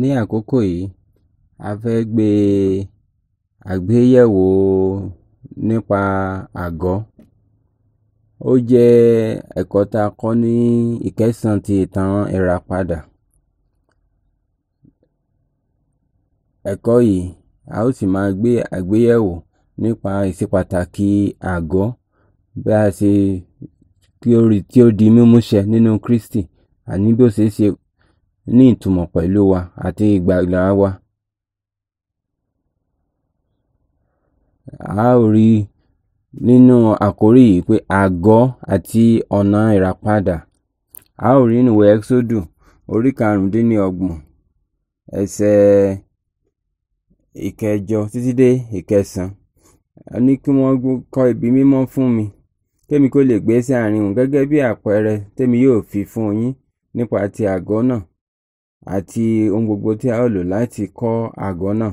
Ní àkókò yìí, a fẹ́ gbé àgbéyẹ̀wò nípa àgọ́. Ó jẹ́ ẹ̀kọ́ tá a kọ́ ní ìkẹ́sàn ti ìtàn ìràpadà. Ẹ̀kọ́ yìí a ó sì máa gbé àgbéyẹ̀wò nípa ìṣepàtàkì àgọ́ bí a ṣe kí ó di mímúṣẹ nínú Kristi àní bí ó ṣe ṣe ní ìtumọ̀ pẹ̀lú wa àti ìgbàlà wa. a ó rí nínú àkórí yìí pé àgọ́ àti ọ̀nà ìràpadà a ó rí nínú Ẹ́kísódù orí karùndínlọ́gbọ̀n ẹsẹ̀ ìkẹjọ títí dé ìkẹsàn án ní kí wọ́n kọ́ ibi mímọ́ fún mi kémi kó lè gbé sí àárín òun gẹ́gẹ́ bí àpẹẹrẹ tèmi yóò fi fún yín nípa ti àgọ́ náà àti ohun gbogbo tí a ó lò láti kọ́ àgọ́ náà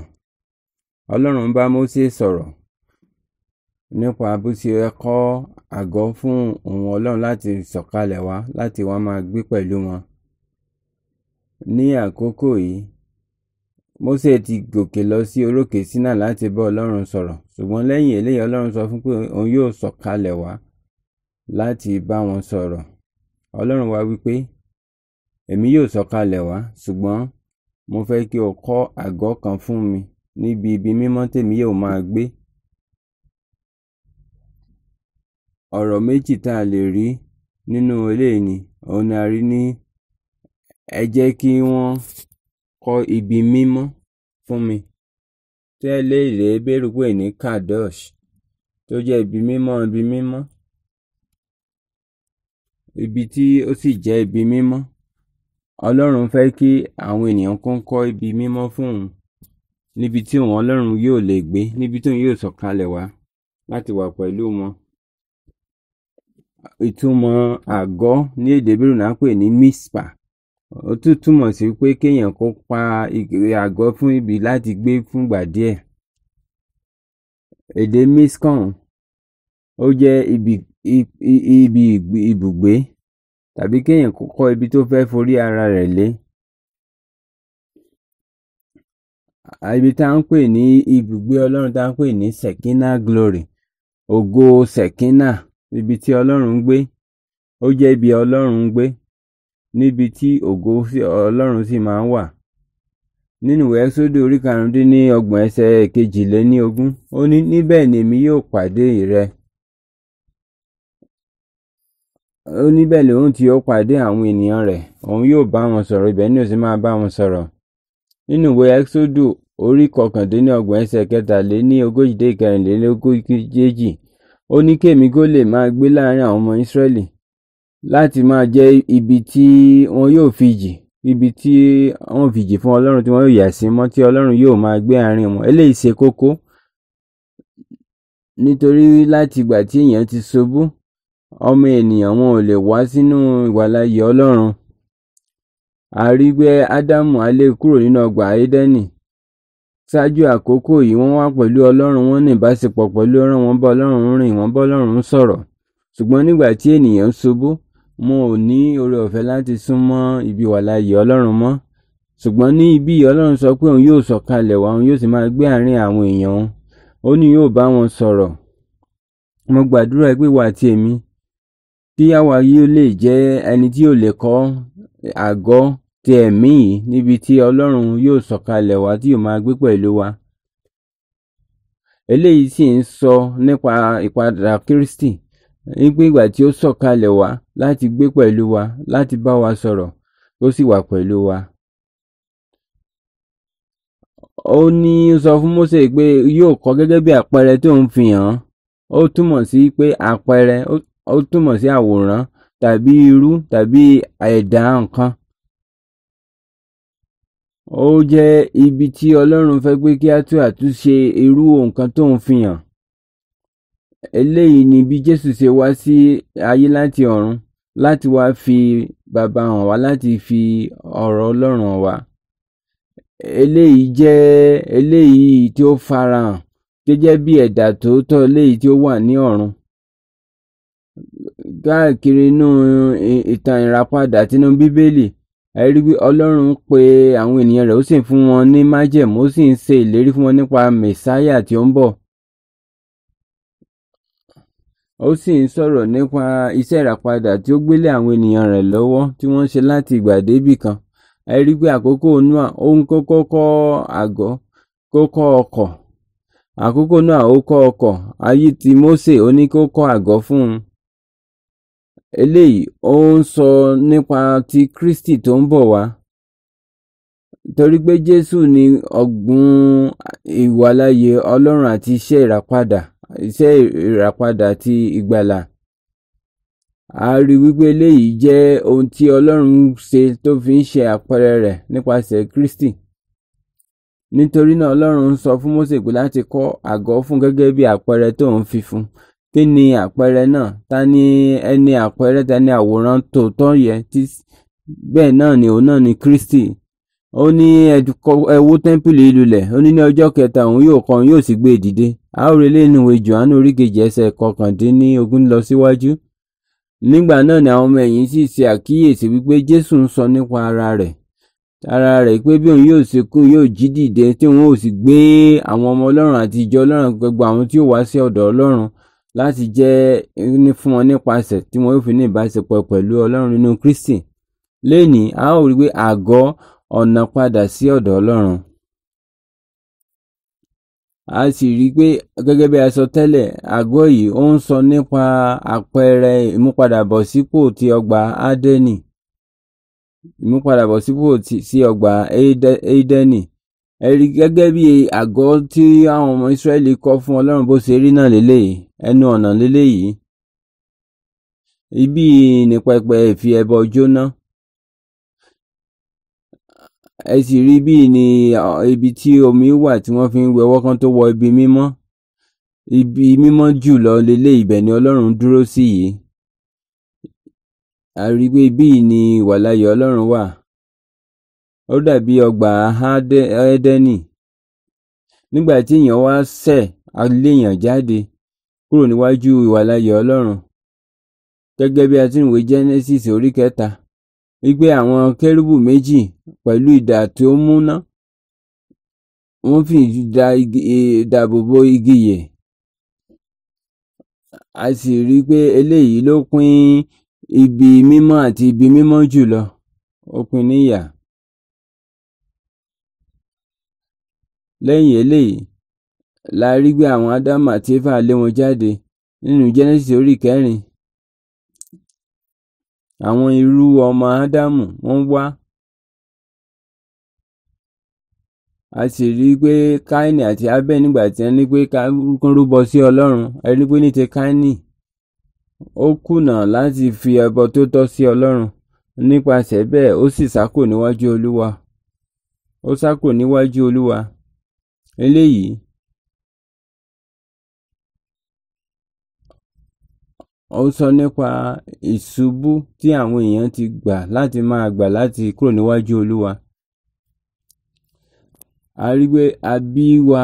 ọlọ́run ń bá Mósè sọ̀rọ̀ nípa bó ṣe kọ́ àgọ́ fún òun ọlọ́run láti sọ̀kalẹ̀ wá láti wá máa gbé pẹ̀lú wọn ní àkókò yìí Mósè ti gòkè lọ sí orókè Sínà láti bá ọlọ́run sọ̀rọ̀ ṣùgbọ́n lẹ́yìn eléyìí ọlọ́run sọ fún pé òun yóò sọ̀kalẹ̀ wá láti bá wọn sọ̀rọ̀ ọlọ́run wá wípé èmi yóò sọ̀kalẹ̀ wá ṣùgbọ́n mo fẹ́ kí o kọ́ àgọ́ kan fún mi níbi ibi mímọ́ tèmi yóò máa gbé ọ̀rọ̀ méjì tá a lè rí nínú eléyìí ni òun ni a rí ní ẹ jẹ́ kí wọ́n kọ́ ibi mímọ́ fún mi tẹ́lẹ̀ rèé bẹ́rùpé ní kadosh tó jẹ́ ibi mímọ́ ibi mímọ́ ibi tí ó sì jẹ́ ibi mímọ́ Ọlọ́run fẹ́ kí àwọn ènìyàn kó ń kọ́ ibi mímọ́ fún òun níbi tí òun Ọlọ́run yóò lè gbé níbi tí òun yóò sọ̀kalẹ̀ wá láti wà pẹ̀lú wọn. Ìtumọ̀ àgọ́ ní èdè Bíbélì náà pè ní mispa. Ó tún túmọ̀ sí pé kéèyàn kó pa àgọ́ fún ibi láti gbé fúngbà díẹ̀. Èdè Miskan ó jẹ́ ibi ibùgbé tàbí kéèyàn kó kọ́ ibi tó fẹ́ forí ara rẹ̀ lé ibi tá ń pè ní ibùgbé ọlọ́run tá ń pè ní sekina glory ògo sekina ibi tí ọlọ́run ń gbé ó jẹ́ ibi ọlọ́run ń gbé níbi tí ògo ọlọ́run sì máa ń wà nínú ìwé ẹ́sódò orí karùndínlọ́gbọ̀n ẹsẹ̀ kejìléní ogún ó ní níbẹ̀ ni èmi yóò pàdé rẹ ó níbẹ̀ lòun tí ó pàdé àwọn ènìyàn rẹ̀ òun yóò bá wọn sọ̀rọ̀ ibẹ̀ ni ó sì máa bá wọn sọ̀rọ̀ nínú ìwé exodu orí kọkàndínlọ́gbọ̀n ẹsẹ̀ kẹtàléní ogójìdé ìkẹrìnlélógójì ó ní kémi kó lè máa gbé láàrin àwọn ọmọ ìsírẹ́lì láti máa jẹ́ ibi tí wọn yóò fi jì ibi tí wọn fi jì fún ọlọ́run tí wọn yóò yà sí mọ́ tí ọlọ́run yóò máa gbé àárín wọn eléyìí ṣe kókó nítorí láti ìgbà tí èèyàn ti ṣubú ọmọ ènìyàn wọn ò lè wá sínú ìwàláàyè Ọlọ́run. A rí pé Ádámù a lé e kúrò nínú ọgbà Édẹ́nì. Ṣáájú àkókò yìí wọ́n wá pẹ̀lú Ọlọ́run wọ́n ní ìbáṣepọ̀ pẹ̀lú Ọlọ́run wọ́n bá Ọlọ́run rìn wọ́n bá Ọlọ́run sọ̀rọ̀. Ṣùgbọ́n nígbà tí ènìyàn ṣubú wọn ò ní oore ọ̀fẹ́ láti súnmọ́ ibi ìwàláàyè Ọlọ́run mọ́. Ṣùgbọ́n ní ibi Ọlọ́run sọ pé òun yóò sọ̀kalẹ̀ wá òun yóò sì máa gbé àárín àwọn èèyàn òun. Ó ní yóò bá wọn sọ̀rọ̀. Mo gbàdúrà pé ìwà àti èmi kíyàwó ayé ó lè jẹ́ ẹni tí ò lè kọ́ àgọ́ ti ẹ̀mí yìí níbi tí ọlọ́run yóò sọ̀kalẹ̀ wá tí yóò máa gbé pẹ̀lú wa. eléyìí sì ń sọ nípa ìpadà Kristi nígbà ìgbà tí ó sọ̀kalẹ̀ wá láti gbé pẹ̀lú wa láti bá wa sọ̀rọ̀ ó sì wà pẹ̀lú wa. ó ní sọ fún Mósè pé yóò kọ́ gẹ́gẹ́ bí àpẹẹrẹ tó ń fi hàn ó túmọ̀ sí pé àpẹẹrẹ ó túmọ̀ sí àwòrán tàbí irú tàbí ẹ̀dá nǹkan. ó jẹ́ ibi tí ọlọ́run fẹ́ pé kí a tún àtúnṣe irú nǹkan tó ń fi hàn. eléyìí ni bí jésù ṣe wá sí ayé láti ọ̀run láti wá fi bàbá hàn wá láti fi ọ̀rọ̀ ọlọ́run hàn wá. eléyìí jẹ́ eléyìí tí ó farahàn gẹ́gẹ́ bí ẹ̀dà tòótọ́ eléyìí tí ó wà ní ọ̀run káàkiri inú ìtàn ìràpadà tinú bíbélì a rí wí ọlọ́run pé àwọn ènìyàn rẹ̀ ó sì fún wọn ní májẹ̀mú ó sì ń ṣe ìlérí fún wọn nípa mẹ̀sáyà tí ó ń bọ̀ ó sì ń sọ̀rọ̀ nípa iṣẹ́ ìràpadà tí ó gbélé àwọn ènìyàn rẹ̀ lọ́wọ́ tí wọ́n ṣe láti ìgbà débì kan a rí pé àkókò Nóà ó ń kọ́kọ́ kọ́ àgọ́ kó ọkọ̀ àkókò Nóà ó kọ́ ọkọ̀ ayé ti Mósè ó ní kó àgọ́ fún un eléyìí ó ń sọ nípa ti Kristi tó ń bọ̀ wá torí pé Jésù ni ọ̀gbun ìwàláyé Ọlọ́run àti iṣẹ́ ìràpadà iṣẹ́ ìràpadà àti ìgbàlà a rí wípé eléyìí jẹ́ ohun tí Ọlọ́run ṣe tó fi ń ṣe àpẹẹrẹ rẹ̀ nípasẹ̀ Kristi nítorí náà Ọlọ́run ń sọ fún Mósè pé láti kọ́ àgọ́ fún gẹ́gẹ́ bí àpẹẹrẹ tó ń fi fún Kí ni àpẹẹrẹ náà? Ta ni ẹni àpẹẹrẹ, ta ni àwòrán tòótọ́ yẹn? Bẹ́ẹ̀ náà ni òun náà ni Kristi. Ó ní ẹ wó tẹ́ḿpìlì lulẹ̀, ó ní ní ọjọ́ kẹta òun yóò kọ́, òun yóò sì gbé e dìde. A ó rí eléyìí nínú ìwé Jòhánù orí kejì ẹsẹ̀ kọkàndínlógún lọ síwájú. Nígbà náà ni àwọn ọmọ ẹ̀yìn sì ṣe àkíyèsí wípé Jésù ń sọ nípa ara rẹ̀. Ara rẹ̀ pé bí òun yóò ṣe kú yóò jí dìde tí òun ó sì gbé àwọn ọmọ Ọlọ́run àti ìjọ Ọlọ́run gbogbo àwọn tí ó wá sí ọ̀dọ̀ Ọlọ́run láti jẹ́ fún wọn nípasẹ̀ tí wọn yóò fi ní ìbáṣepọ̀ pẹ̀lú Ọlọ́run nínú Kristi lẹ́ni a ó rí pé àgọ́ ọ̀nà padà sí ọ̀dọ̀ Ọlọ́run a sì rí i pé gẹ́gẹ́ bí a sọ tẹ́lẹ̀ àgọ́ yìí ó ń sọ nípa àpẹẹrẹ ìmúpadàbọ̀sípò ti ọgbà Ádámù ìmúpadàbọ̀sípò sí ọgbà Édẹ́nì ẹ̀rí gẹ́gẹ́ bí àgọ́ tí àwọn ọmọ Ísírẹ́lì kọ́ fún Ọlọ́run bó ṣe rí náà lélẹ́yìí ẹnu ọ̀nà lélẹ́yìí ibí ni pẹpẹ ìfi ẹbọ jóná ẹ sì rí bí ni ibi tí omi wà tí wọ́n fi ń wẹwọ́ kan tó wọ ibi mímọ́ ibi mímọ́ jù lọ lélẹ́yìí ibẹ̀ ni Ọlọ́run dúró sí yìí a rí pé ibí ni ìwàláyé Ọlọ́run wà. Wa ó dàbí ọgbà Édẹ́nì nígbà tí èèyàn wá ṣẹ̀ aléèyàn jáde kúrò níwájú ìwàláyé Ọlọ́run gẹ́gẹ́ bí a ti ń wé Genesis orí kẹta wípé àwọn kérúbù méjì pẹ̀lú idà tí ó múná wọ́n fi ìdáàbò e, bo igi yè a sì rí pé eléyìí ló pín ibi mímọ́ àti ibi mímọ́ jùlọ ó pín níyà. lẹ́yìn eléyìí la rí gbé àwọn ádámù àti éfà lé wọn jáde nínú jẹ́nẹ́sìsì orí kẹrin àwọn irú ọmọ ádámù wọ́n wá a sì rí i pé káínì àti abẹ́ nígbà tí wọ́n ní pé kán rúbọ sí ọlọ́run ẹ rí pé ní ti káínì ó kùnà láti fi ẹbọ tó tọ́ sí ọlọ́run nípasẹ̀ bẹ́ẹ̀ ó sì sákò níwájú olúwa ó sákò níwájú olúwa eléyìí ó sọ nípa ìṣubú tí àwọn èèyàn ti gbà láti máa gbà láti kúrò níwájú olúwa a rí pé a bí wa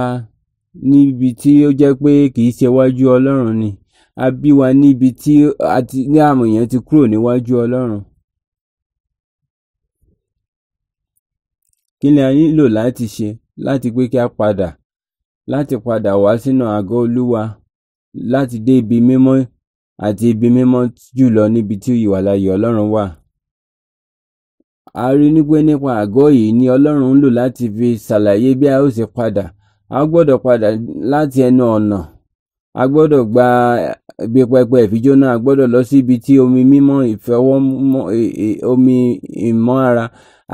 níbi tí ó jẹ́ pé kì í ṣe iwájú ọlọ́run ni a bí wa níbi tí ní àwọn èèyàn ti kúrò níwájú ọlọ́run. kí ni a nílò láti ṣe? láti pé kí a padà láti padà wá sínú àgọ́ Olúwa láti dé ibi mímọ́ àti ibi mímọ́ jùlọ níbi tí ìwàláyé Ọlọ́run wà. a rí nípé nípa àgọ́ yìí ni Ọlọ́run ń lò láti fi ṣàlàyé bí a ó ṣe padà a gbọ́dọ̀ padà láti ẹnu ọ̀nà a gbọ́dọ̀ gba ibi pẹpẹ ìfijóná a gbọ́dọ̀ lọ sí ibi tí omi mímọ́ ìfọwọ́mọ́ e, e, omi ìmọ́ ara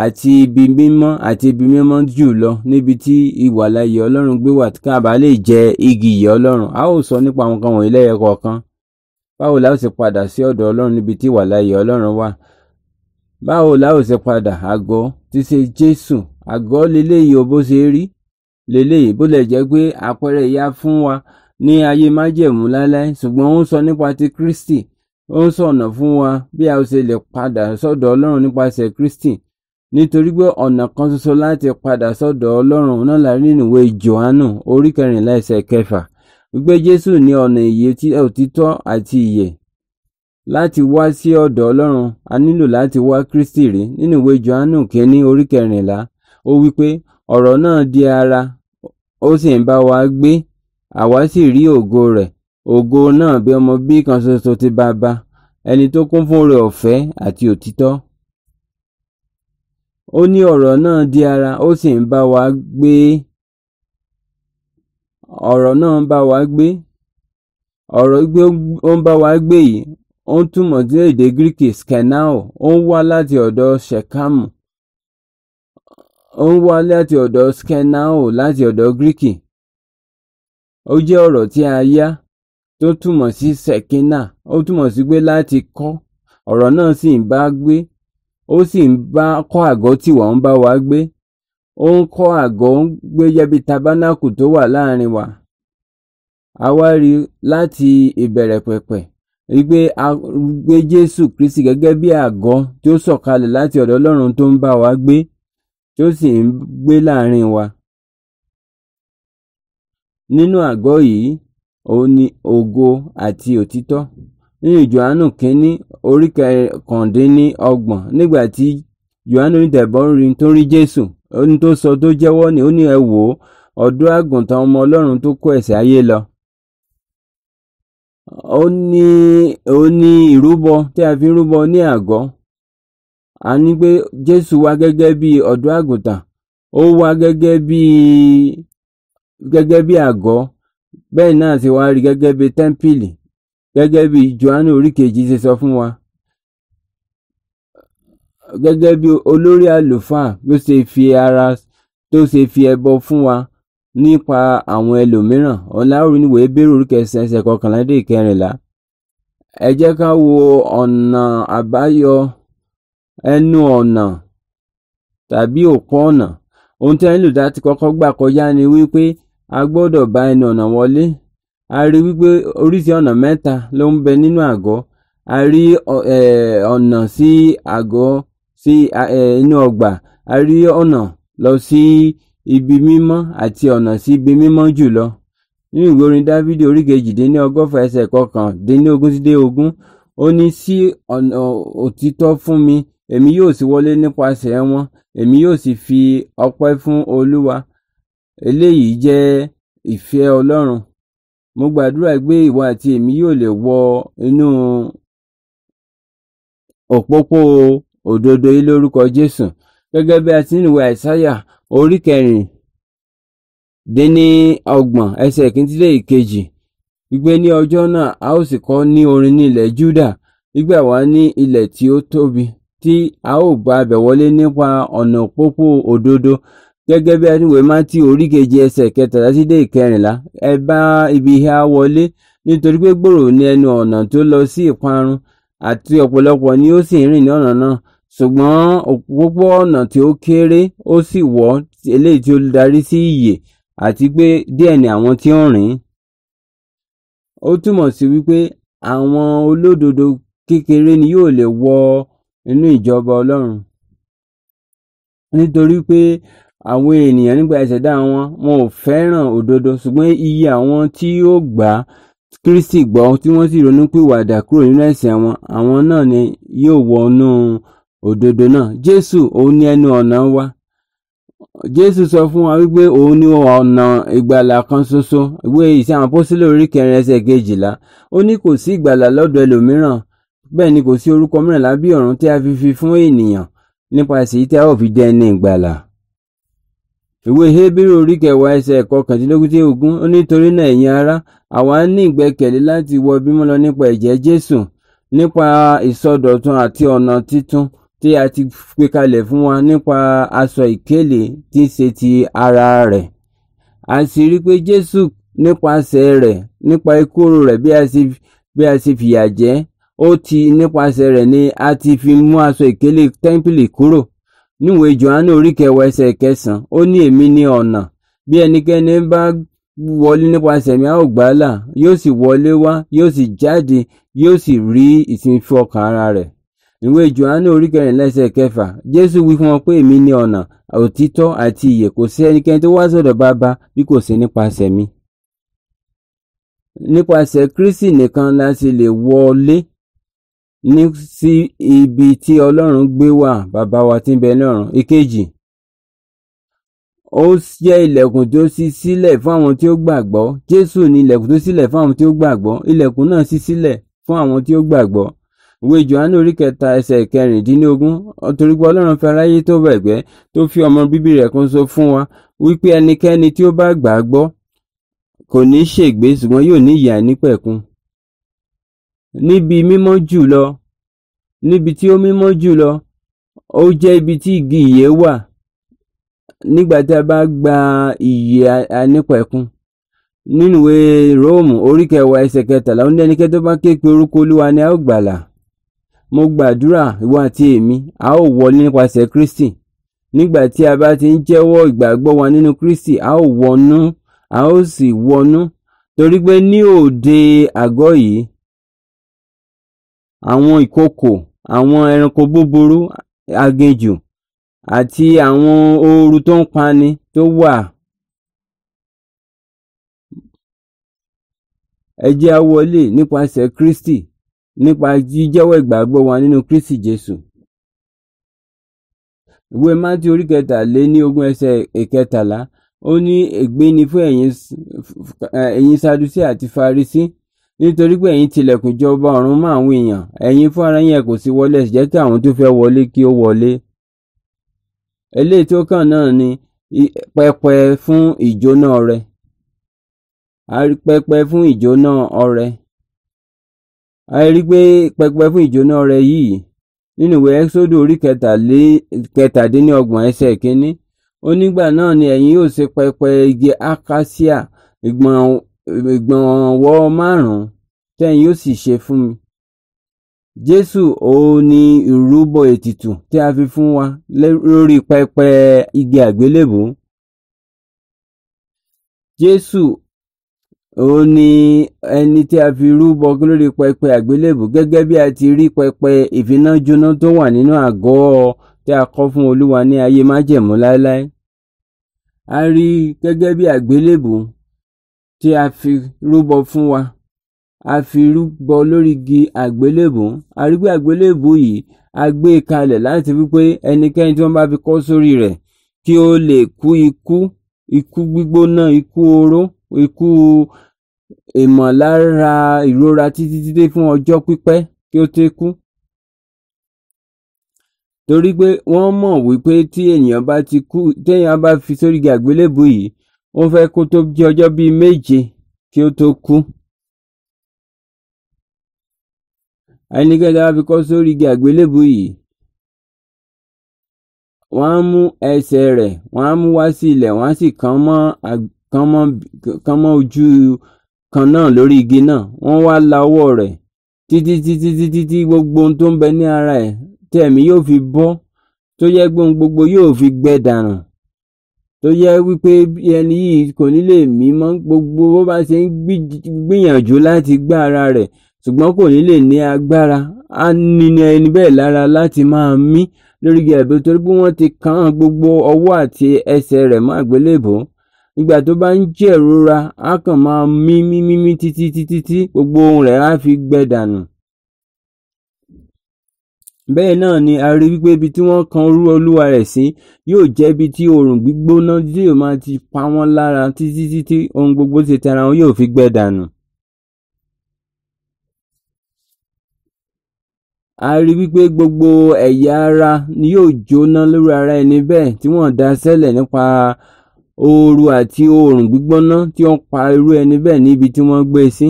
àti ibi mímọ́ àti ibi mímọ́ jù lọ níbi tí ìwàláyé ọlọ́run gbé wà ká bá lè jẹ igi ìyẹ́ ọlọ́run a ó sọ nípa àwọn kan wọ̀nyí lẹ́yẹ kọ̀ọ̀kan báwo la ó sì padà sí ọ̀dọ̀ ọlọ́run níbi tí ìwàláyé ọlọ́run wà báwo la ó sì padà àgọ́ tí ṣe jésù àgọ́ leléyìí o bó ṣe rí leléyìí bó lè jẹ́ pé àpẹẹrẹ ìyá fún wa ní ayé májẹ̀mú láéláé ṣùgbọ́n ó ń sọ nípa ti Kristi ó ń sọ̀nà fún wa bí a ṣe lè padà sọ́dọ̀ Ọlọ́run nípasẹ̀ Kristi nítorí pé ọ̀nà kan ṣoṣo láti padà sọ́dọ̀ Ọlọ́run náà la rí nínú ìwé Jòhánù orí kẹrìnlá ẹsẹ̀ kẹfà wípé Jésù ní ọ̀nà ìyè tí òtítọ́ àti ìyè láti wá sí ọ̀dọ̀ Ọlọ́run a nílò láti wá Kristi rí nínú ìwé Jòhánù kínní orí kẹrìnlá ó wípé ọ̀rọ̀ náà di ara ó sì ń bá wa gbé àwa sì rí ògo rẹ̀ ògo náà bí ọmọ bí kan ṣoṣo ti bàbá ẹni tó kún fún oore ọ̀fẹ́ àti òtítọ́ ó ní ọ̀rọ̀ náà di ara ó sì ń bá wa gbé ọ̀rọ̀ náà ń bá wa gbé ọ̀rọ̀ gbé ó ń bá wa gbé yìí ó ń túmọ̀ sí èdè gíríkì skenao ó ń wá láti ọ̀dọ̀ shekamu ó ń wá láti ọ̀dọ̀ skenao láti ọ̀dọ̀ gíríkì ó jẹ́ ọ̀rọ̀ tí a yá tó túmọ̀ sí sekina ó túmọ̀ sí pé láti kọ́ ọ̀rọ̀ náà sì ń bá gbé ó sì ń bá kọ́ àgọ́ tí wọ́n ń bá wa gbé ó ń kọ́ àgọ́ ń gbé yẹbi tabanakù tó wà láàrin wa a wá rí láti ìbẹ̀rẹ̀ pẹ̀pẹ̀ wípé a gbé Jésù Kristi gẹ́gẹ́ bí àgọ́ tí ó sọ̀kalẹ̀ láti ọ̀dọ̀ Ọlọ́run tó ń bá wa gbé tó sì ń gbé láàrin wa. Nínú àgọ́ yìí òun ni ògo àti òtítọ́. Nínú johannu Kínní orí kọkàndínlọ́gbọ̀n nígbà tí johannu onítẹ̀bọ̀ ń rí tó rí Jésù, ohun tó sọ tó jẹ́wọ́ ni ó ní ẹ wò ó, ọ̀dọ́ àgùntàn ọmọ Ọlọ́run tó kó ẹ̀ṣẹ̀ ayé lọ. Ó ní ó ní ìrúbọ tí a fi ń rúbọ ní àgọ́. A ní pé Jésù wá gẹ́gẹ́ bí ọ̀dọ́ àgùntàn, ó wá gẹ́gẹ́ bí gẹ́gẹ́ bí àgọ́ bẹ́ẹ̀ náà sì wá rí gẹ́gẹ́ bí tẹ́ḿpìlì gẹ́gẹ́ bí Jòhánù oríkejì ṣe sọ fún wa gẹ́gẹ́ bí olórí àlùfáà ló ṣe fi ara tó ṣe fi ẹbọ fún wa nípa àwọn ẹlòmíràn ọ̀làwùrí níwò ebérò orí kẹsàn kọkànlá dé ìkẹrìnlá ẹ jẹ́ ká wo ọ̀nà àbáyọ ẹnu ọ̀nà tàbí òpó ọ̀nà ohun tí a nílò láti kọ́kọ́ gbà kọjá ni wípé a gbọ́dọ̀ bá ẹnu ọ̀nà wọlé a rí wípé oríṣi ọ̀nà mẹ́ta ló ń bẹ nínú àgọ́ a rí ọ̀nà sí àgọ́ sí inú ọgbà a rí ọ̀nà lọ sí ibi mímọ́ àti ọ̀nà sí ibi mímọ́ jùlọ nínú ìwé orin dávidi orí kejìdínní ọgọ́fà ẹsẹ̀ kọkàndínlógún sí dé ogún ó ní sí ọ̀nà òtítọ́ fún mi èmi yóò sì wọlé nípasẹ̀ wọn èmi yóò sì fi ọpẹ́ fún olúwa eléyìí jẹ́ ìfẹ́ ọlọ́run mo gbàdúrà pé ìwọ àti èmi yóò lè wọ inú òpópó òdodo yìí lórúkọ jésù gẹ́gẹ́ bí a ti ń ìwé àìsáyà orí kẹrin dín ní ọgbọ̀n ẹsẹ̀ ìkíńtílé ìkejì wípé ní ọjọ́ náà a ó sì kọ́ ní orin ní ilẹ̀ júdà gbígbà wá ní ilẹ̀ tí ó tóbi tí a ó gba abẹ̀ wọlé nípa ọ̀nà òpópó òdodo gẹ́gẹ́ bí ẹni wòye máa ti orí kejì ẹsẹ̀ kẹtàlá sí dé ìkẹrìnlá ẹ bá ibi ìhà wọlé nítorí pé gbòòrò ní ẹnu ọ̀nà tó lọ sí ìparun àti ọ̀pọ̀lọpọ̀ ni ó sì ń rìn ní ọ̀nà náà ṣùgbọ́n òpópó ọ̀nà tí ó kéré ó sì wọ́ eléyìí tí ó darí sí ìyè àti pé díẹ̀ ni àwọn tí ó rìn. ó túmọ̀ sí wípé àwọn olódodo kékeré ni yóò lè wọ inú ìjọba ọlọ́run nítorí pé àwọn ènìyàn nígbà ìṣẹ̀dá wọn wọn ò fẹ́ràn òdodo ṣùgbọ́n iye àwọn tí ó gbà á Kristi gbọ́ tí wọ́n sì ronúpìwàdà kúrò nínú ẹ̀ṣẹ̀ wọn àwọn náà ni yóò wọnú òdodo náà Jésù òun ni ẹnu ọ̀nà wa Jésù sọ fún wa wípé òun ni ọ̀nà ìgbàlà kan ṣoṣo ìwé ìṣe àwọn apọ́sítélì orí kẹrin ẹsẹ̀ kejìlá ó ní kò sí ìgbàlà lọ́dọ̀ ẹlòmíràn bẹ́ẹ̀ ni kò sí orúkọ mìíràn lábí ọ̀run tí a fi fi fún ènìyàn nípasẹ̀ èyí tí a ó fi dẹni ìgbàlà ìwé Hébérù orí kẹwàá ẹsẹ̀ ẹ̀kọ́ kàndínlógún tí ogún ó nítorí náà ẹ̀yin ará àwa ní ìgbẹ́kẹ̀lé láti wọ bímọ lọ nípa ẹ̀jẹ̀ Jésù nípa ìsọdọ̀tun àti ọ̀nà titun tí a ti pè kalẹ̀ fún wa nípa aṣọ ìkélé tí í ṣe ti ara rẹ̀ a sì rí pé Jésù nípasẹ̀ rẹ̀ nípa ikú rẹ̀ bí a ṣe bí a ṣe fìyà jẹ ó ti nípasẹ̀ rẹ̀ ni a ti fi mú aṣọ ìkélé tẹ́ḿpìlì kúrò níwèé Jòhánù orí kẹwàá ẹsẹ̀ kẹsàn-án ó ní èmi ni ọ̀nà bí ẹnikẹ́ni bá wọlé nípasẹ̀ mi a ó gbà á là yóò sì wọlé wá yóò sì jáde yóò sì rí ìsinmi fún ọkàn ara rẹ̀ ìwé Jòhánù orí kẹrin kẹfà Jésù wí fún wọn pé èmi ni ọ̀nà òtítọ́ àti ìyè kò sí ẹnikẹ́ni tó wá sọ́dọ̀ bàbá bí kò sí nípasẹ̀ mi nípasẹ̀ Kristi nìkan la sì lè wọlé ní sí ibi tí Ọlọ́run gbé wà bàbá wa tí ń bẹ ní ọ̀run ìkejì ó jẹ́ ilẹ̀kùn tí ó ṣí sílẹ̀ fún àwọn tí ó gbàgbọ́ Jésù ni ilẹ̀kùn tó sílẹ̀ fún àwọn tí ó gbàgbọ́ ilẹ̀kùn náà ṣí sílẹ̀ fún àwọn tí ó gbàgbọ́ ìwé Jòhánù orí kẹta ẹsẹ̀ kẹrìndínlógún torí pé Ọlọ́run fẹ́ aráyé tó bẹ̀gbẹ́ tó fi ọmọ bíbí rẹ̀ kan so fún wa wípé ẹnikẹ́ni tí ó bá gbàgbọ́ kò ní ṣègbé ṣùgbọ́n yóò ní ìyà nípẹ̀kun níbi mímọ́ jùlọ níbi tí ó mímọ́ jùlọ ó jẹ́ ibi tí igi ìyè wà nígbà tí a bá gba ìyè nípa ẹ̀kún nínú ìwé róòmù orí kẹwàá ẹsẹ̀ kẹtàlá ó ní ẹnikẹ́ni tó bá ké pe orúkọ olúwa ni a ó gbàlà mo gbàdúrà ìwọ àti èmi a ó wọlé nípasẹ̀ kristi nígbà tí a bá ti ń jẹ́wọ́ ìgbàgbọ́ wa nínú kristi a ó wọnú a ó sì wọnú torí pé ní òde àgọ́ yìí àwọn ìkookò àwọn ẹranko búburú aginjù àti àwọn ooru tó ń pani tó wà ẹ jẹ́ á Kristi nípa jíjẹ́wọ́ ìgbàgbọ́ wa nínú Kristi Jésù ìwé mátí orí kẹta lé ní ogún ẹsẹ̀ ìkẹtàlá ó ní ègbé ni fún ẹ̀yin Sadusí àti Farisí nítorí pé ẹ̀yin tilẹ̀kùn ìjọba ọ̀run mọ́ àwọn èèyàn ẹ̀yin fún ara yín ẹ kò sí wọlé ẹ̀ sì jẹ́ kí àwọn tó fẹ́ wọlé kí ó wọlé. eléyìí tó kàn náà ni pẹpẹ fún ìjóná ọrẹ pẹpẹ fún ìjóná ọrẹ a rí i pé pẹpẹ fún ìjóná ọrẹ yìí nínú ìwé ẹ́sódù orí kẹtàdínlọ́gbọ̀n ẹsẹ̀ kínní onígbà náà ni ẹ̀yin yóò ṣe pẹpẹ igi acacia ìgbọ̀n ìgbọ̀nwọ́ márùn-ún tẹ́yin yóò sì ṣe fún mi. Jésù òun ni ìrúbọ ètùtù tí a fi fún wa lórí pẹpẹ igi àgbélébùú. Jésù òun ni ẹni tí a fi rúbọ lórí pẹpẹ àgbélébùú gẹ́gẹ́ bí a ti rí pẹpẹ ìfinájóná tó wà nínú àgọ́ tí a kọ́ fún Olúwa ní ayé májẹ̀mú láéláé. A rí gẹ́gẹ́ bí àgbélébùú tí a fi rúbọ fún wa a fi rúbọ lórí igi àgbélébùú a rí pé àgbélébùú yìí a gbé e kalẹ̀ láti wípé ẹnikẹ́ni tí wọ́n bá fi kọ́ sórí rẹ̀ kí ó lè kú ikú ikú gbígbóná ikú oró ikú ìmọ̀lára ìrora títí títí fún ọjọ́ pípẹ́ kí ó tó kú torí pé wọ́n mọ̀ wípé tí ènìyàn bá ti kú téèyàn bá fi sórí igi àgbélébùú yìí ó fẹ́ kó tó di ọjọ́ bíi méje kí ó tó kú. ẹnikẹ́ni fi kọ́ sórí igi àgbélébù yìí wọ́n á mú ẹsẹ̀ rẹ̀ wọ́n á mú wá sí ilẹ̀ wọ́n á sì kàn mọ́ kàn mọ́ ojú kan náà lórí igi náà wọ́n wá la ọwọ́ rẹ̀ títí títí títí tí gbogbo ohun tó ń bẹ ní ara ẹ̀ tẹ̀mí yóò fi bọ́ tó yẹ gbóhun gbogbo yóò fi gbẹ dànù tó yẹ wípé ẹni yìí kò ní lè mí mọ́ gbogbo bó bá ṣe ń gbìyànjú láti gbá ara rẹ̀ ṣùgbọ́n kò ní lè ní agbára á níní ẹni bẹ́ẹ̀ lára láti máa mí lórí gẹ̀ẹ́bí torí pé wọ́n ti kàn án gbogbo ọwọ́ àti ẹsẹ̀ rẹ̀ mọ́ àgbélébò ìgbà tó bá ń jẹ̀rora á kàn máa mí mímí títí títí tí gbogbo ohun rẹ̀ á fi gbẹ dànù Bẹ́ẹ̀ náà ni a rí wípé ibi tí wọ́n kan orú Olúwa rẹ̀ sí yóò jẹ́ ibi tí oòrùn gbígbóná yóò máa ti pa wọ́n lára títí títí ohun gbogbo tí ti ara wọn yóò fi gbẹ dànù. a rí wípé gbogbo ẹ̀yà ara ni yóò jóná lórí ara ẹni bẹ́ẹ̀ tí wọ́n dá sẹ́lẹ̀ nípa ooru àti oòrùn gbígbóná tí wọ́n pa irú ẹni bẹ́ẹ̀ ní ibi tí wọ́n gbé e sí.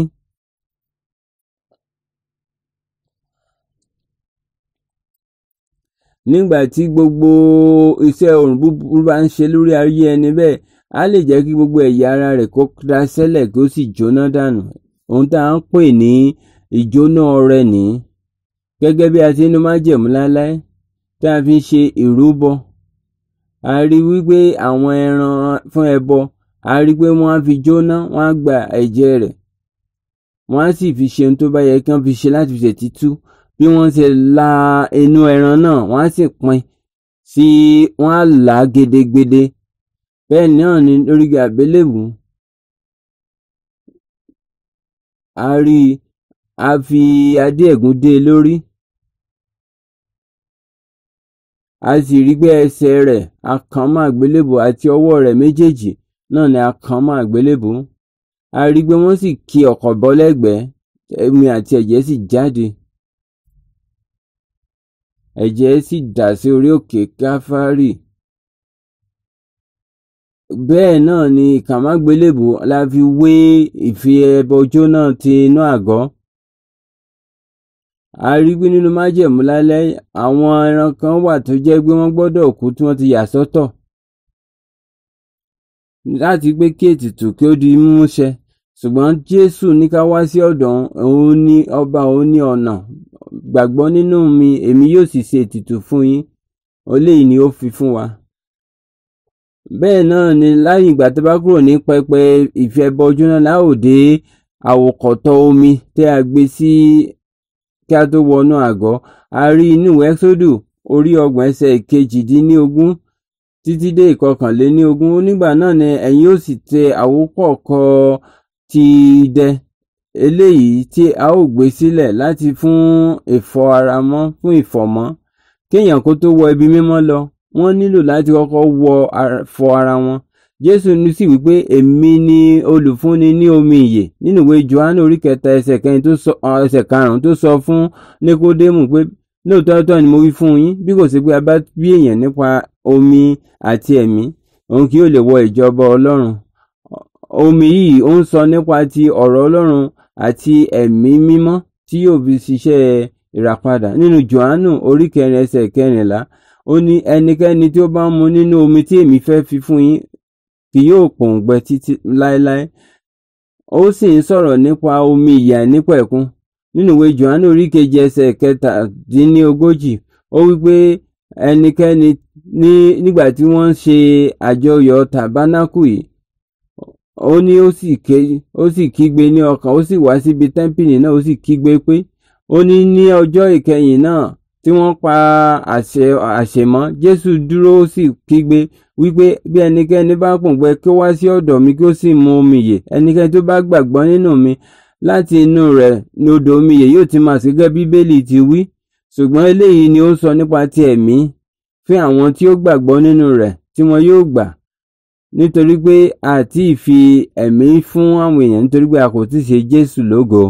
nígbà tí gbogbo iṣẹ́ oòrùn búburú bá ń ṣe lórí ayé ẹni bẹ́ẹ̀ á lè jẹ́ kí gbogbo ẹ̀yà ara rẹ̀ kó daṣẹ́lẹ̀ kó sì jóná dànù ohun tá à ń pè ní ìjóná ọrẹ ní gẹ́gẹ́ bí a ti ń májẹ̀mú láláí tá a fi ń ṣe ìrúbọ a rí wípé àwọn ẹran fún ẹbọ a rí pé wọ́n á fi jóná wọ́n á gba ẹ̀jẹ̀ rẹ̀ wọ́n á sì fi ṣe ohun tó bá yẹ kí wọ́n fi ṣe láti fi ṣètìtú bí wọ́n ṣe la inú ẹran náà wọ́n á sì pin sí wọ́n á là á gedegbede bẹ́ẹ̀ náà ni lórígi àgbélébùú a rí i a fi adé ẹ̀gún dé e lórí a sì rí pé ẹsẹ̀ rẹ̀ a kàn mọ́ àti ọwọ́ rẹ̀ méjèèjì náà ni a kàn mọ́ a rí pé wọ́n sì ki ọ̀kọ̀ bọ́ lẹ́gbẹ̀ẹ́ ẹ̀mí àti ẹ̀jẹ̀ sì jáde ẹ̀jẹ̀ sì dà sí orí òkè káfárì bẹ́ẹ̀ náà ni kàmágbélébù la fi wé ìfi ẹbọ jóná ti inú àgọ́ a rí pé nínú májẹ̀mú lálẹ́ àwọn ẹran kan wà tó jẹ́ pé wọ́n gbọ́dọ̀ kú tí wọ́n ti yà sọ́tọ̀ láti pé kí ètùtù kí ó di mímúṣẹ ṣùgbọ́n Jésù ní ká wá sí ọ̀dọ̀ òun ní ọba òun ní ọ̀nà gbàgbọ́ nínú mi èmi yóò sì ṣe ètùtù fún yín eléyìí ni ó fi fún wa. bẹ́ẹ̀ náà ni láyìn ìgbà tó bá kúrò ní pẹpẹ ìfẹ́bọjú náà la ó dé àwòkọ̀tọ̀ omi tẹ́ a gbé sí kí a tó wọnú àgọ́ a rí inú ẹ́sódù orí ọgbọ̀n ẹsẹ̀ kejìdínlógún títí dé ìkọkànléní ogún onígbà náà ni ẹ̀yin yóò sì tẹ àwòkọ̀kọ̀ ti idẹ eléyìí tí a ó gbé sílẹ̀ láti fún ìfọ ara mọ́ fún ìfọ̀mọ́ kéèyàn kó tó wọ ibi mímọ́ lọ wọ́n nílò láti kọ́kọ́ wọ fọ ara wọn jésù ní sì wípé èmi ni olùfúnni ní omi ìyè nínú ìwé johannu orí kẹta ẹsẹ̀ kẹrin tó sọ ẹsẹ̀ karùnún tó sọ fún nikodemu pé lóòótọ́ ni mo wí fún yín bí kò sí pé a bá bí èèyàn nípa omi àti ẹ̀mí òun kì yóò lè wọ ìjọba ọlọ́run omi yìí ó ń sọ nípa ti ọ̀rọ̀ ọlọ́run àti ẹ̀mí mímọ́ tí yóò fi ṣiṣẹ́ ìràpadà nínú Jòhánù orí kẹrin ẹsẹ̀ kẹrìnlá ó ní ẹnikẹ́ni tí ó bá mu nínú omi tí èmi fẹ́ fi fún yín kì yóò pòǹgbẹ títí láéláé ó sì ń sọ̀rọ̀ nípa omi ìyà nípẹ̀kun nínú ìwé Jòhánù orí kejì ẹsẹ̀ kẹtàdínlógójì ó wí ẹnikẹ́ni nígbà tí wọ́n ń ṣe àjọyọ̀ tàbánákù yìí ó ní ó sì ké ó sì kígbe ní ọkàn ó sì wá síbi tẹ́ḿpìlì náà ó sì kígbe pé ó ní ní ọjọ́ ìkẹyìn náà tí wọ́n pa àṣẹ àṣẹmọ́ Jésù dúró ó sì kígbe wípé bí ẹnikẹ́ni bá pòǹgbẹ kí ó wá sí ọ̀dọ̀ mi kí ó sì mu omi yè ẹnikẹ́ni tó bá gbàgbọ́ nínú mi láti inú rẹ̀ ní odò omi yè yóò ti máa sí gẹ́gẹ́ bíbélì ti wí ṣùgbọ́n eléyìí ni ó ń sọ nípa ti ẹ̀mí fún àwọn tí ó gbàgbọ́ nínú rẹ̀ tí wọn yóò gbà nítorí pé àti ìfi ẹ̀mí fún àwọn èèyàn nítorí pé a kò ti ṣe Jésù lógo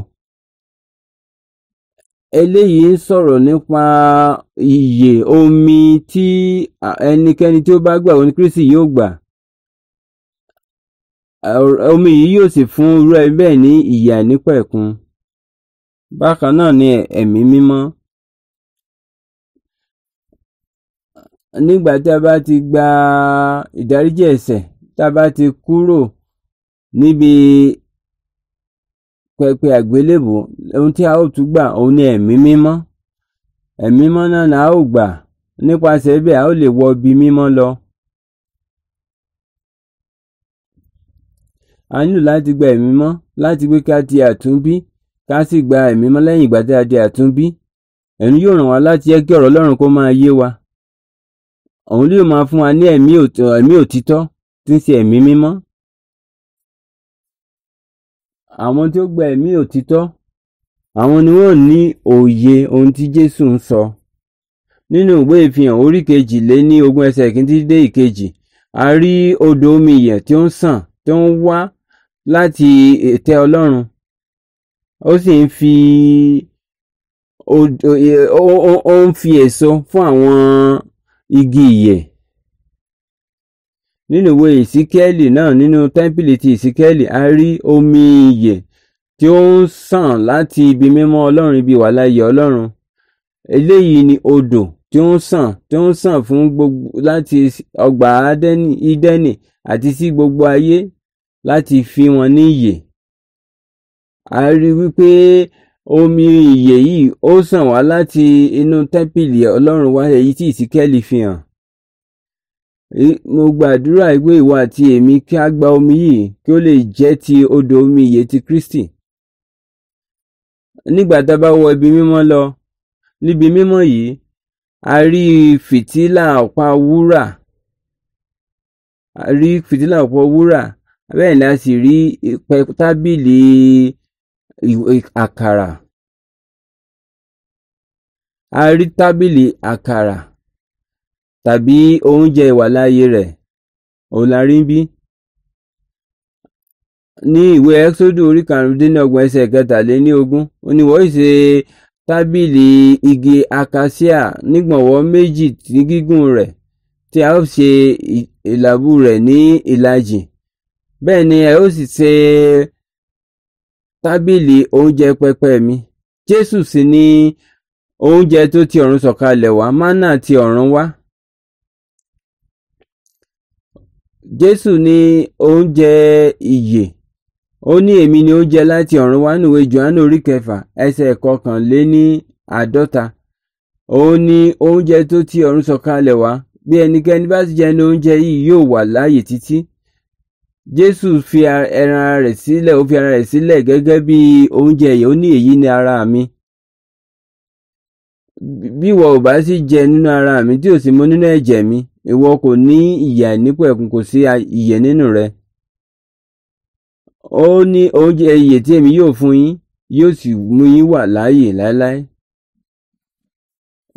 eléyìí ń sọ̀rọ̀ nípa ìyè omi tí ẹnikẹ́ni tí ó bá gbà òní Kristi yóò gbà omi yìí yóò sì fún irú ẹ bẹ́ẹ̀ ní ìyè àìnípẹ̀kun bákan náà ni ẹ̀mí mímọ́. nígbà tí a bá ti gba ìdáríjì ẹ̀ṣẹ̀ tá a bá ti kúrò níbi pẹpẹ àgbélébò ohun tí a ó tún gbà òun ni ẹ̀mí mímọ́ ẹ̀mí mímọ́ náà là á ó gbà nípasẹ̀ bẹ́ẹ̀ a ó lè wọ ibi mímọ́ lọ. a nílò láti gba ẹ̀mí mọ́ láti pé ká di àtúnbí ká sì gba ẹ̀mí mọ́ lẹ́yìn ìgbà tí a di àtúnbí ẹ̀mí yóò ràn wá láti jẹ́ kí ọ̀rọ̀ Ọlọ́run kó máa yé wa òun yóò máa fún wa ní ẹ̀mí òtítọ́ tí ń ṣe ẹ̀mí mímọ́ àwọn tí ó gba ẹ̀mí òtítọ́ àwọn ni wọ́n ní òye ohun tí Jésù ń sọ nínú ìwé ìfihàn orí kejì lé ní ogún ẹsẹ̀ ìkíní dé ìkejì a rí odò omi ìyè tí ó ń sàn tó ń wá láti ìtẹ́ Ọlọ́run ó sì ń fi ó ń fi èso fún àwọn igi ìyè nínú ìwé ìsíkẹ́ẹ̀lì náà nínú tẹ́ḿpìlì ti ìsíkẹ́ẹ̀lì a rí omi ìyè tí ó ń sàn láti ibi mímọ́ ọlọ́run ibi wàhálà ìyè ọlọ́run eléyìí ni odò tí ó ń sàn tí ó ń sàn fún gbogbo láti ọgbà ìdẹ́nì àti sí gbogbo ayé láti fi wọn ní ìyè a rí wípé omi ìyè yìí ó sàn wá láti inú tẹ́ḿpìlì ọlọ́run wá èyí tí ìsíkẹ́ẹ̀lì fi hàn mo gbàdúrà ìwé ìwà àti èmi kí a gba omi yìí kí ó lè jẹ́ ti odò omi ìyè ti Kristi. Nígbà tá a bá wọ ibi mímọ́ lọ níbi mímọ́ yìí a rí fìtílà ọ̀pá wúrà a rí fìtílà ọ̀pá wúrà bẹ́ẹ̀ ni a sì rí tábìlì àkàrà a rí tábìlì àkàrà tàbí oúnjẹ ìwàláàyè rẹ̀ òun la rí bí. ní ìwé ẹ́kísódù orí karùndínlọ́gbọ̀n ẹsẹ̀ kẹtàléníogún ó ní wọ́n ṣe tábìlì igi akasia nígbọ̀nwọ́ méjì ní gígùn rẹ̀ tí a ó ṣe ìlàbù rẹ̀ ní ìlàjì bẹ́ẹ̀ ni ẹ ó sì ṣe tábìlì oúnjẹ pẹpẹ mi Jésù sì ni oúnjẹ tó ti ọ̀run sọ̀kalẹ̀ wá mánà ti ọ̀run wá Jésù ni oúnjẹ ìyè ó ní èmi ni oúnjẹ láti ọ̀run wá nùwé Jòhánù orí kẹfà ẹsẹ̀ kọkànléní àádọ́ta òun ni oúnjẹ tó ti ọ̀run sọ̀kalẹ̀ wá bí ẹnikẹ́ni bá ti jẹnu oúnjẹ yìí yóò wà láàyè títí Jésù fi ẹran rẹ̀ sílẹ̀ ó fi ara rẹ̀ sílẹ̀ gẹ́gẹ́ bí oúnjẹ yìí ó ní èyí ni ara mi bí ìwọ ò bá sì jẹ nínú ara mi tí ò sì mu nínú ẹ̀jẹ̀ mi ìwọ kò ní ìyà nípò ẹ̀kún kò sí ìyè nínú rẹ ó ní oúnjẹ ìyè tí èmi yóò fún yín yóò sì mú yín wà láàyè láéláé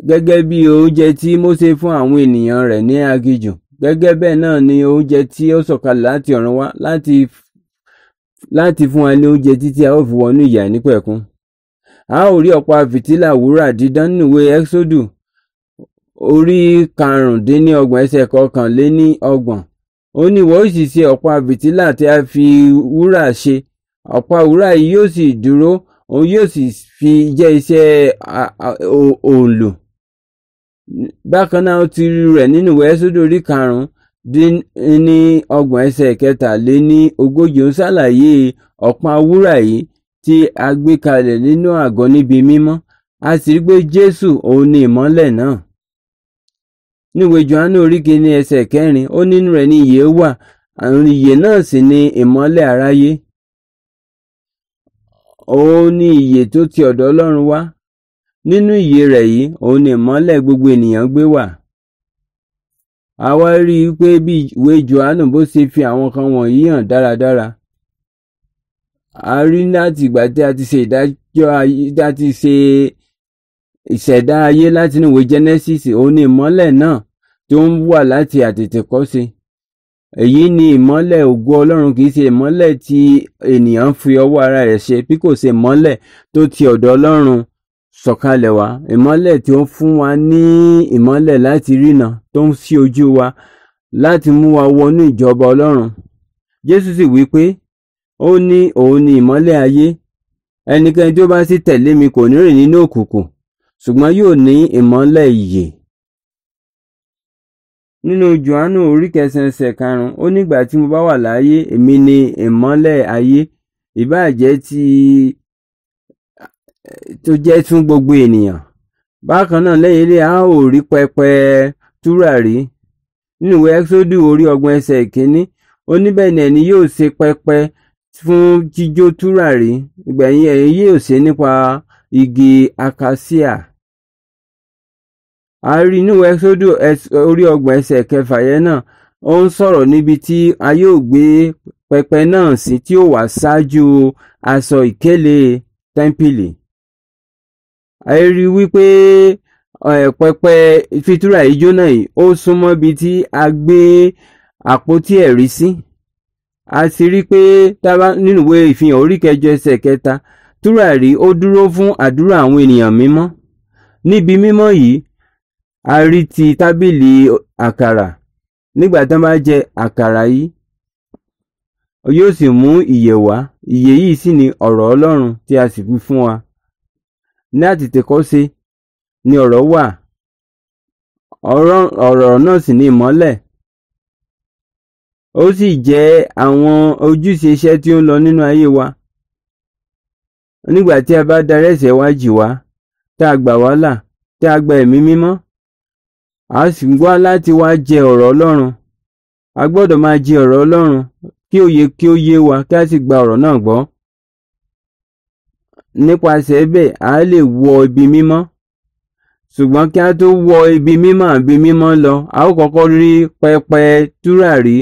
gẹ́gẹ́ bí oúnjẹ tí Mósè fún àwọn ènìyàn rẹ̀ ní aginjù gẹ́gẹ́ bẹ́ẹ̀ náà ni oúnjẹ tí ó sọ̀kalẹ̀ láti ọ̀run wá láti láti fún wa ní oúnjẹ títí a ó fi wọnú ìyà nípẹ̀kun a ó rí ọ̀pá fìtílà wúrà dídán nínú ìwé Ẹ́kṣódù orí karùndínlọ́gbọ̀n ẹsẹ̀ kọkànléníọgbọ̀n ó ní ìwọ ó sì ṣe ọ̀pá fìtílà tí a fi wúrà ṣe ọ̀pá wúrà yìí yóò sì dúró òun yóò sì fi jẹ́ iṣẹ́ òòlù bákan náà ó ti rí rẹ̀ nínú ìwé Ẹ́sódù orí karùn-ún ní ọgbọ̀n ẹsẹ̀ kẹtàléní ogójì ó ṣàlàyé ọ̀pá wúrà yìí tí a gbé kalẹ̀ nínú àgọ́ níbi mímọ́ a sì rí pé Jésù òun ni ìmọ́lẹ̀ náà níwèé Jòhánù orí kìíní ẹsẹ̀ kẹrin ó nínú rẹ̀ ní ìyè wà àrùn náà sì ni ìmọ́lẹ̀ aráyé òun ni ìyè tó ti ọ̀dọ̀ Ọlọ́run wá nínú ìyè rẹ̀ yìí òun ni ìmọ́lẹ̀ gbogbo ènìyàn gbé wà àwa rí i pé bí ìwé Jòhánù bó ṣe fi àwọn kan wọ̀nyí hàn dáradára a rí láti ìgbà tí a ti ṣe ìdájọ́ ayé ti ṣe ìṣẹ̀dá ayé láti ìwé Genesis òun ni ìmọ́lẹ̀ náà tó ń wà láti àtètèkọ́ṣe èyí ni ìmọ́lẹ̀ ògo Ọlọ́run kì í ṣe ìmọ́lẹ̀ tí ènìyàn fi ọwọ́ ara rẹ̀ ṣe bí kò ṣe ìmọ́lẹ̀ tó ti ọ̀dọ̀ Ọlọ́run sọ̀kalẹ̀ wá ìmọ́lẹ̀ tí ó ń fún wa ní ìmọ́lẹ̀ láti rína tó ń ṣí ojú wa láti mú wa wọnú ìjọba Ọlọ́run Jésù sì wí pé ó ní òun ni ìmọ́lẹ̀ ayé ẹnikẹ́ni tí ó bá sì tẹ̀lé mi kò ní rìn nínú òkùnkùn ṣùgbọ́n yóò ní ìmọ́lẹ̀ ìyè nínú johannu orí kẹsàn-án ẹsẹ̀ karùn-ún ó nígbà tí mo bá wà láàyè èmi ni ìmọ́lẹ̀ ayé ìbáàjẹ́ ti tó jẹ́ tún gbogbo ènìyàn bákan náà lẹ́yìn ilé a ó rí pẹpẹ túràrí nínú ìwé ẹ́xódù orí ọgbọ̀n ẹsẹ̀ ìkíní ó ní bẹ́ẹ̀ ni ẹni yóò ṣe pẹpẹ fún jíjó túràrí ìgbẹ̀yìn ẹ̀yin yóò ṣe nípa igi akasia a rí nínú ẹ́sódù orí ọgbọ̀n ẹsẹ̀ kẹfà yẹn náà ó ń sọ̀rọ̀ níbi tí a yóò gbé pẹpẹ náà sí tí ó wà ṣáájú aṣọ ìkélé tẹ́ḿpìlì a rí wípé pẹpẹ fitura ìjó náà yìí ó súnmọ́ ibi tí a gbé àpótí ẹ̀rí sí a sì rí pé nínú ìwé ìfihàn orí kẹjọ ẹsẹ̀ kẹta túràrí ó dúró fún àdúrà àwọn ènìyàn mímọ́ níbi mímọ́ yìí a rí ti tábìlì àkàrà nígbà tí wọ́n bá jẹ àkàrà yìí yóò sì mú ìyè wá ìyè yìí sì ni ọ̀rọ̀ Ọlọ́run tí a sì fi fún wa ní àtètèkọ́ṣe ni ọ̀rọ̀ wà ọ̀rọ̀ náà sì ni ìmọ́lẹ̀ ó sì jẹ́ àwọn ojúṣe iṣẹ́ tí ó ń lọ nínú ayé wa nígbà tí a bá darí ẹ̀ṣẹ̀ wa jì wá tá a gbà wá là tá a gba ẹ̀mí mímọ́ a sì ń wá láti wá jẹ ọ̀rọ̀ Ọlọ́run a gbọ́dọ̀ máa jẹ ọ̀rọ̀ Ọlọ́run kí ó yé kí ó yé wa kí a sì gba ọ̀rọ̀ náà gbọ́ nípasẹ̀ bẹ́ẹ̀ a lè wọ ibi mímọ́ ṣùgbọ́n kí a tó wọ ibi mímọ́ ibi mímọ́ lọ a ó kọ́kọ́ rí pẹpẹ túràrí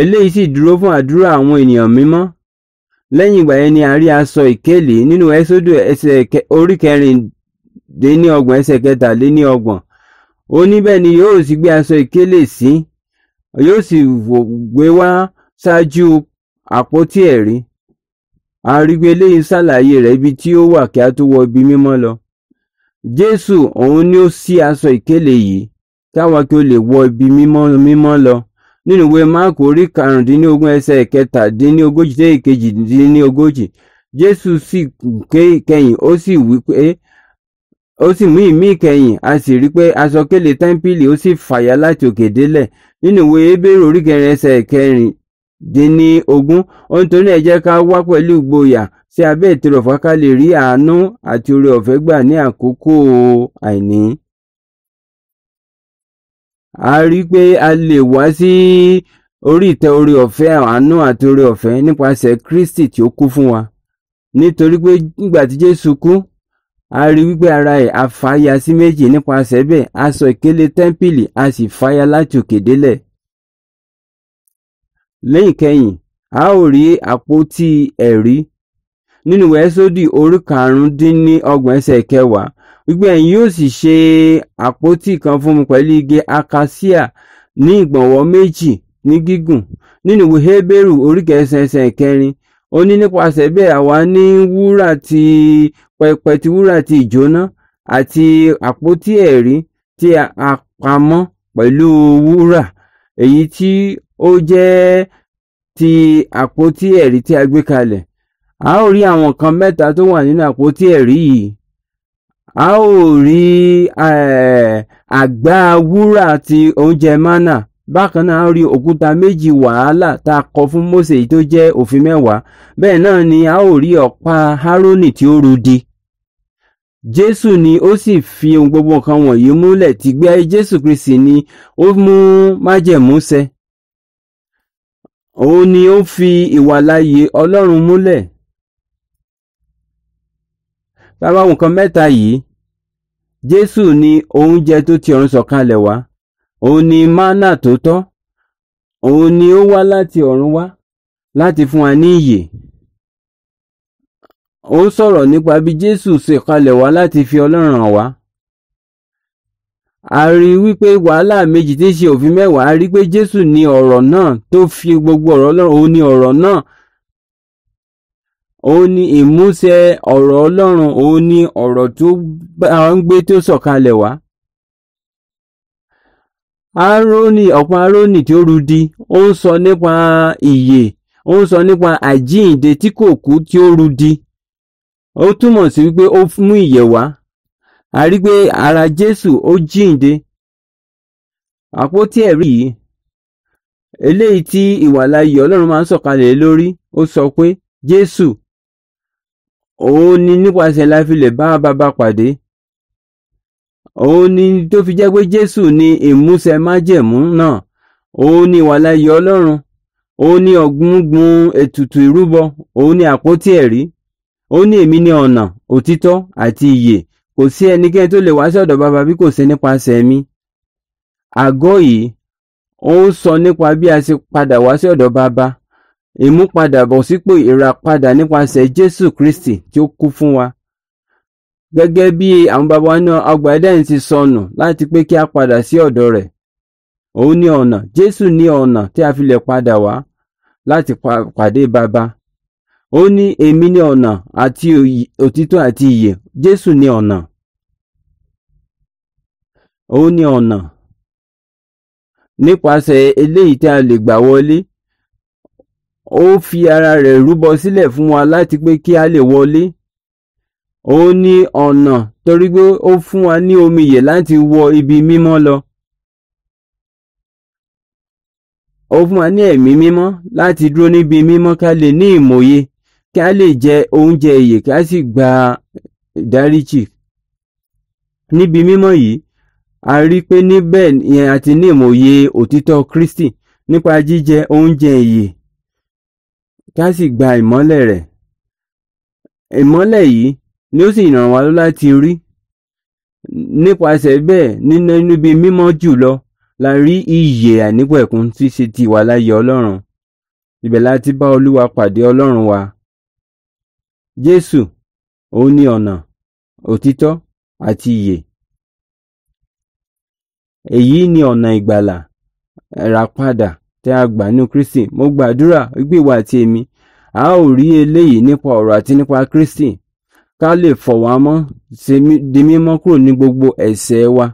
eléyìí sì dúró fún àdúrà àwọn ènìyàn mímọ́ lẹ́yìn ìgbà yẹn ni a rí aṣọ ìkélé nínú ẹsódù ẹsẹ̀ orí kẹrin dé ní ọgbọ̀n ẹsẹ̀ kẹta lé ní ọgbọ̀n ó níbẹ̀ ni yóò sì gbé aṣọ ìkélé sí yóò sì gbé wá ṣáájú àpótí ẹ̀rí àrígbé eléyìí ṣàlàyé rẹ̀ ibi tí ó wà kí a tó wọ ibi mímọ́ lọ Jésù òun ni ó ṣí aṣọ ìkélé yìí káwa kí o lè wọ ibi mímọ́ mímọ́ lọ nínú ìwé Máàkù orí karùndínlógún ẹsẹ̀ kẹtàdínlógójì dé ìkejìdínlógójì Jésù sì ké kẹyìn ó sì wí pé ó sì mú ìmí ìkẹyìn a sì rí pé aṣọ kélé tẹ́ḿpìlì ó sì fàyà láti òkè délẹ̀ nínú ìwé ebèrè oríkẹrin ẹsẹ̀ kẹrin dín ní ogún ohun tó ní ẹ jẹ́ ká wá pẹ̀lú ìgboyà sí abẹ́ ìtòrọ̀fà ká lè rí àánú àti oore ọ̀fẹ́ gbà ní àkókò àìní a rí pé a lè wá sí orí ìtẹ́ orí ọ̀fẹ́ àánú àti orí ọ̀fẹ́ nípasẹ̀ Kristi tí ó kú fún wa nítorí pé nígbà tí Jésù kú a rí wípé ara ẹ̀ a fàya sí méjì nípasẹ̀ bẹ́ẹ̀ a sọ ìkélé tẹ́ḿpìlì a sì fàya láti òkè délẹ̀. lẹ́yìn kẹyìn a ó rí àpótí ẹ̀rí nínú ẹ̀sódì orí karùndínlọ́gbọ̀n ẹsẹ̀ kẹwàá wípé ẹ̀yin yóò sì ṣe àpótí kan fún mi pẹ̀lú igi akasia ní ìgbọ̀nwọ́ méjì ní gígùn nínú Hébérù orí kẹsàn ẹsẹ̀ kẹrin ó ní nípasẹ̀ bẹ́ẹ̀ àwa ní wúrà ti pẹpẹ ti wúrà ti ìjóná àti àpótí ẹ̀rí tí a pamọ́ pẹ̀lú wúrà èyí tí ó jẹ́ ti àpótí ẹ̀rí tí a gbé kalẹ̀ a ó rí àwọn nǹkan mẹ́ta tó wà nínú àpótí ẹ̀rí yìí a ó rí àgbá wúrà ti oúnjẹ mánà bákan náà a rí òkúta méjì wàhálà tá a kọ fún mose tó jẹ́ òfin mẹ́wàá bẹ́ẹ̀ náà ni a ó rí ọ̀pá Hárónì tí ó rudi Jésù ni ó sì fi ohun gbogbo nǹkan wọ̀nyí múlẹ̀ tìgbẹ́ Jésù Kristi ni ó mú májẹ̀mú ṣẹ òun ni ó fi ìwàláyé Ọlọ́run múlẹ̀ bàbá nǹkan mẹ́ta yìí Jésù ni oúnjẹ tó ti ọ̀run sọ̀kalẹ̀ wá òun ni mánà tó tọ́ òun ni ó wá láti ọ̀run wá láti fún wa ní ìyè ó sọ̀rọ̀ nípa bí Jésù ṣe kalẹ̀ wá láti fi Ọlọ́run wá a rí wípé wàhálà méjì tí ń ṣe òfin mẹ́wàá a rí pé Jésù ni ọ̀rọ̀ náà tó fi gbogbo ọ̀rọ̀ Ọlọ́run òun ni ọ̀rọ̀ náà òun ni ìmúṣẹ ọ̀rọ̀ Ọlọ́run òun ni ọ̀rọ̀ tó bá ń gbé tó sọ̀kalẹ̀ wá Árónì ọ̀pọ̀ Árónì tí ó rudi ó ń sọ nípa ìyè ó ń sọ nípa àjíǹde tí kò kú tí ó rudi ó túmọ̀ sí wípé ó mú ìyè wá a rí pé ara Jésù ó jíǹde àpótí ẹ̀rí yìí eléyìí tí ìwàláyè Ọlọ́run máa ń sọ̀kalẹ̀ lórí ó sọ pé Jésù òun ni nípasẹ̀ la bá bàbá pàdé òun ni tó fi jẹ́ pé Jésù ni ìmúṣẹ májẹ̀mú náà òun ni ìwàláyé Ọlọ́run òun ni ọ̀gbùngbùn ètùtù ìrúbọ òun ni àpótí ẹ̀rí ó ní èmi ní ọ̀nà òtítọ́ àti ìyè kò sí ẹnikẹ́ni tó lè wá sí ọ̀dọ̀ bàbá bí kò sí nípasẹ̀ mi àgọ́ yìí ó ń sọ nípa bí a ṣe padà wá sí ọ̀dọ̀ bàbá ìmúpadàbọ̀sípò ìràpadà nípasẹ̀ Jésù Kristi tí ó kú fún wa gẹ́gẹ́ bí àwọn baba ní ọgbà Édẹ́nì ti sọnù láti pé kí a padà sí ọ̀dọ̀ rẹ̀ òun ní ọ̀nà Jésù ní ọ̀nà tí a fi lè padà wá láti pàdé baba ó ní èmi ní ọ̀nà àti òtítọ́ àti ìyè Jésù ní ọ̀nà ó ní ọ̀nà nípasẹ̀ eléyìí tí a lè gbà wọlé ó fi ara rẹ̀ rúbọ sílẹ̀ fún wa láti pé kí a lè wọlé òun ni ọ̀nà torí pé ó fún wa ní omi ìyè láti wọ ibi mímọ́ lọ ó fún wa ní ẹ̀mí mímọ́ láti dúró níbi mímọ́ ká lè ní ìmòye ká lè jẹ oúnjẹ ìyè ká sì gba ìdáríjì níbi mímọ́ yìí a rí pé níbẹ̀ yẹn a ti ní ìmòye òtítọ́ Kristi nípa jíjẹ oúnjẹ ìyè ká sì gba ìmọ́lẹ̀ rẹ̀ ìmọ́lẹ̀ yìí ni ó sì ràn wá lọ́wọ́ láti rí nípasẹ̀ bẹ́ẹ̀ nínú níbi mímọ́ jùlọ la rí ìyè àìnípẹ̀kun tí ṣe ti wà láyé ọlọ́run ibẹ̀ láti bá olúwa pàdé ọlọ́run wa jésù òun ni ọ̀nà òtítọ́ àti ìyè èyí ni ọ̀nà ìgbàlà ìràpadà tí a gbà nínú kristi mo gbàdúrà wípé ìwà àti èmi a ó rí eléyìí nípa ọ̀rọ̀ àti nípa kristi ká lè fọ̀ wá mọ́ di mímọ́ kúrò ní gbogbo ẹ̀ṣẹ̀ wa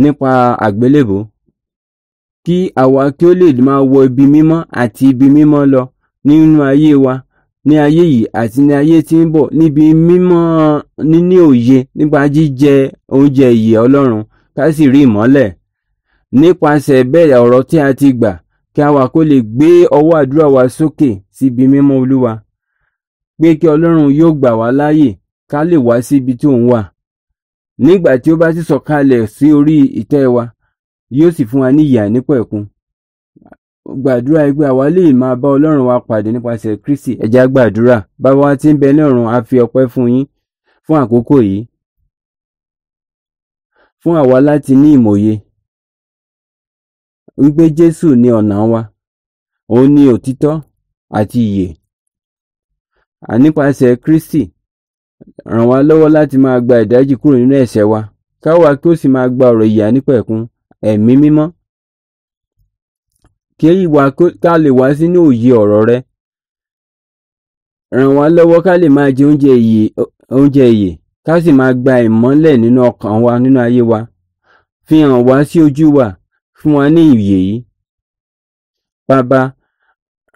nípa àgbélébò kí àwa kí ó lè máa wọ ibi mímọ́ àti ibi mímọ́ lọ nínú ayé wa ní ayé yìí àti ní ayé tí ń bọ̀ níbi mímọ́ níní òye nípa jíjẹ oúnjẹ ìyè Ọlọ́run ká sì rí ìmọ́lẹ̀ nípasẹ̀ bẹ́ẹ̀ ọ̀rọ̀ tí a ti gbà kí àwa kó lè gbé ọwọ́ àdúrà wa sókè síbi mímọ́ Olúwa pé kí Ọlọ́run yóò gbà wá láàyè ká lè wá sí ibi tí òun wà nígbà tí ó bá sì sọ̀kalẹ̀ sí orí ìtẹ́ wa yóò sì fún wa ní ìyà nípẹ̀kun gbàdúrà yìí pé àwa lè máa bá Ọlọ́run wa pàdé nípasẹ̀ Kristi ẹ gbàdúrà bàbá wa tí ń bẹ ní a fi ọpẹ́ fún yín fún àkókò yìí fún àwa láti ní ìmọ̀ye wípé Jésù ni ọ̀nà wa òun ni òtítọ́ àti ìyè nípasẹ̀ Kristi ràn wá lọ́wọ́ láti máa gba ìdájì kúrò nínú ẹ̀ṣẹ̀ wa káwa kí ó sì máa gba ọ̀rọ̀ ìyà nípẹ̀kun ẹ̀mí mímọ́ kí ìwà ká lè wá sínú òye ọ̀rọ̀ rẹ ràn wá lọ́wọ́ ká lè máa jẹ oúnjẹ ìyè oúnjẹ ìyè ká sì máa gba ìmọ́lẹ̀ nínú ọkàn wa nínú ayé wa fi hàn wá sí ojú wa fún wa ní ìyè yìí bàbá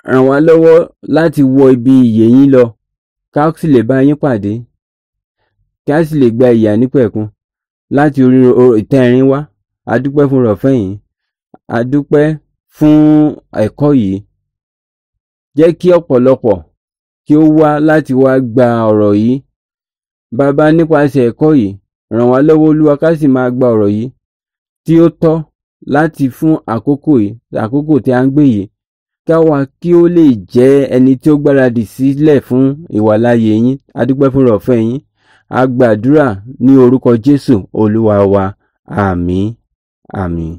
ràn wá lọ́wọ́ láti wọ ibi ìyè yín lọ ká sì lè bá yín pàdé ká sì lè gba ìyà nípẹ̀kun láti orí ìtẹ́rin wá a dúpẹ́ fún rọ̀fẹ́ yìí a dúpẹ́ fún ẹ̀kọ́ yìí jẹ́ kí ọ̀pọ̀lọpọ̀ kí ó wá láti wá gba ọ̀rọ̀ yìí bàbá nípasẹ̀ ẹ̀kọ́ yìí ràn wá lọ́wọ́ olúwa ká sì máa gba ọ̀rọ̀ yìí tí ó tọ́ láti fún àkókò yìí àkókò tí a ń gbé yìí Ká wá kí ó lè jẹ́ ẹni tí ó gbáradì sílẹ̀ fún ìwàláàyè Yín. A dúpẹ́ fún oore-ọ̀fẹ́ Yín. A gba àdúrà ní orúkọ Jésù Olúwa wa. Àmín. Àmín.